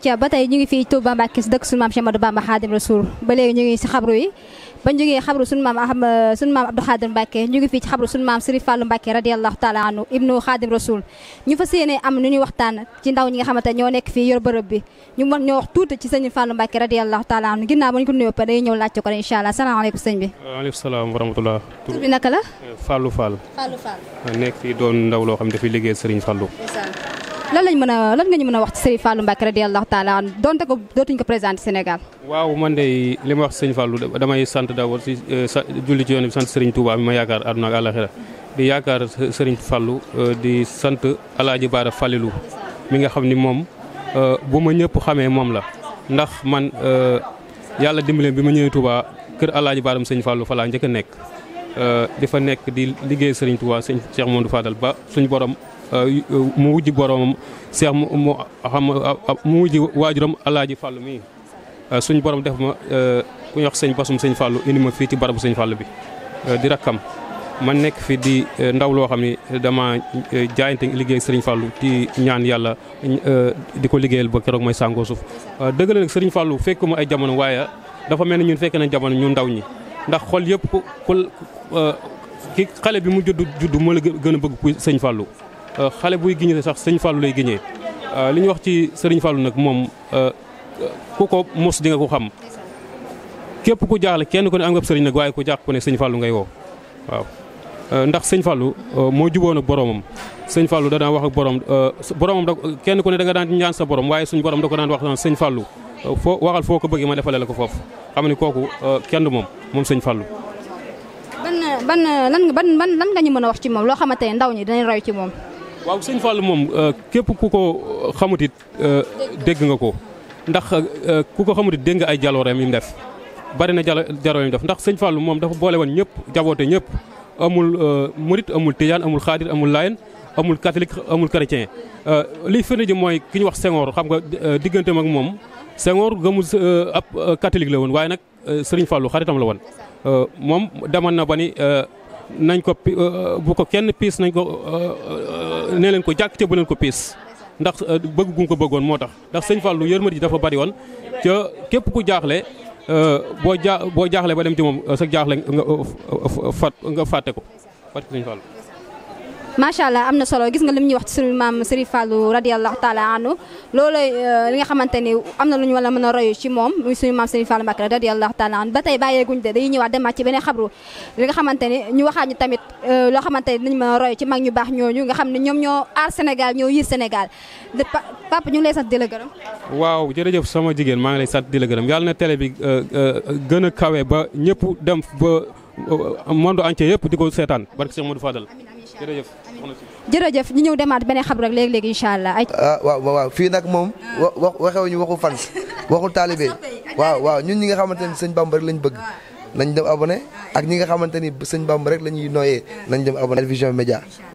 ca ba tey ñu ngi fii Touba Mbacké si dëkk suñu maam Cheikh Ahmadou Bamba Khadim ba léegi ñu ngi si xabru yi bañ jógee xabru suñu maam am suñu maam Abdou Khadim ci xabru suñu maam Serigne Fallou Mbacké radiyallahu taala anhu ibnu Khadim Rasoul ñu fas yéene am nu ñuy waxtaan ci ndaw ñi nga xamante ñoo nekk fii yor bërëb bi ñu mën ñoo wax tuuti ci sëñ Fallou Mbacké radiyallahu taala anhu ginnaaw ba ñu ko nuyoo pa day ñëw laajte ko incha allah salaamaaleykum sëñ bi waaleykum naka la Fallou Fall Fallou Fall nekk fii doon ndaw lan lañ mën a lan nga ñu mën a wax ci Serigne Fallou Mbacké radiyallahu taala an donte ko dootuñ ko présenté Sénégal. waaw man de li ma wax Serigne Fallou damay sant d'abord si euh, julli ci yoon bi sant Serigne Touba mi ma yaakaar àdduna ak àllaxira di yaakaar Serigne Fallou euh, di sant Alaaji Baara Fallilu mi nga xam ni moom euh, bu ma ñëpp xamee moom la ndax man yàlla dimbali bi ma ñëwee Touba kër Alaaji Baaram Serigne Fallou fa njëkk a nekk. di fa nekk di liggéey Serigne Touba Serigne Cheikh Modou Fadal ba suñu borom. Euh, mu wujj borom seex mu mu xam mu wujj waajuram alaaji fàllu mii euh, suñ borom def ma euh, ku ñuy wax sëñ basum sëñ fàllu indi ma fii ci barabu sëñ fàllu bi di rakkam man nekk fi di ndaw loo xam ne dama jaayante liggéey ak fàllu di ñaan yàlla di ko liggéeyal ba keroog may sàngoo suuf dëgg la nag sëriñ fàllu fekk ma ay jamono waaye dafa mel ni ñun fekk nañ jamono ñu ndaw ñi ndax xol yëpp ku ki xale bi mu judd juddu moo la gën a bëgg kuy sëñ fàllu Euh, xale buy giñee sax sëñ Fallou lay giñee euh, li ñu wax ci sëriñ Fallou nag moom euh, ku ko mos di ko xam képp ku jaaxle kenn ku ne am nga sëriñ nag waaye ku jaax ku ne sëñ fallu ngay woo waaw. ndax sëñ Fallou moo juboon ak boromam sëñ Fallou danaa wax ak borom boromam da kenn ku ne da nga daan ñaan sa borom waaye suñu borom da ko daan wax naan sëñ Fallou foo waxal foo ko bëggee ma defalee ko foofu xam ne kooku kenn moom moom sëñ Fallou. ban ban lan ban lan nga ñu mën a wax ci moom loo xamante ndaw ñi dinañ roy ci moom. waaw sëñ Fallou moom euh, képp ku ko euh, xamut it euh, dégg nga ko ndax ku ko xamut it dégg nga ay jalooreem yi mu def bari na jalooreem yi mu def ndax sëñ Fallou moom dafa boole woon ñëpp jaboote ñëpp amul murit amul tijaan amul xaadir amul layen amul catholique amul chrétien liy firnde ji mooy ki ñu wax Senghor xam nga digganteem ak moom Senghor gëmul ab catholique woon waaye nag Serigne Fallou xaritam la woon moom demoon na ba ni nañ ko bu ko kenn piis nañ ko nee leen ko jàkkite bu leen ko piis ndax euh, bëgg gu ko bëggoon moo tax ndax sëñ Fallou yërmande ji dafa bari woon ca képp ku jaaxle euh, boo jaa boo jaaxle ba dem ci moom euh, sa jaaxle nga fat nga fàtte ko fàtte ko sëñ macha allah am na solo gis nga mu ñuy wax ci suñu maam Serigne Fallou radiyallahu taala anhu loolu euh, li nga xamante ni am na lu ñu wala mën a royu ci moom muy suñu maam Serigne Fallou Mbacké radiyallahu taala anhu ba tey bàyyeeguñ de dañuy ñëwaat demaat ci beneen xabru li nga xamante ni ñu waxaat ñu tamit euh, loo xamante ni dinañ mën a royu ci mag ñu baax ñooñu nga xam ne ñoom ñoo aar Sénégal ñoo yiir Sénégal papa ñu ngi lay sant di la gërëm waaw jërëjëf sama jigéen maa ngi lay sant di la gërëm yàlla na télé euh, gën a kawe ba ñëpp dem ba monde yëpp di ko seetaan barke Cheikh Modou jërëjëf jërëjëf ñu ñëw demaat beneen xabru rek léegi léegi incha allah. ah waaw waaw fii nag moom. Ah. wax waxewuñu waxu fan waxul taalibe waaw waaw ñun ñi nga xamante ni sëñ Bamba rek lañ bëgg. Ah. nañ dem abonné ah. ak ñi nga xamante ni sëñ Bamba rek la ñuy nooyee nañ dem abonné télévision média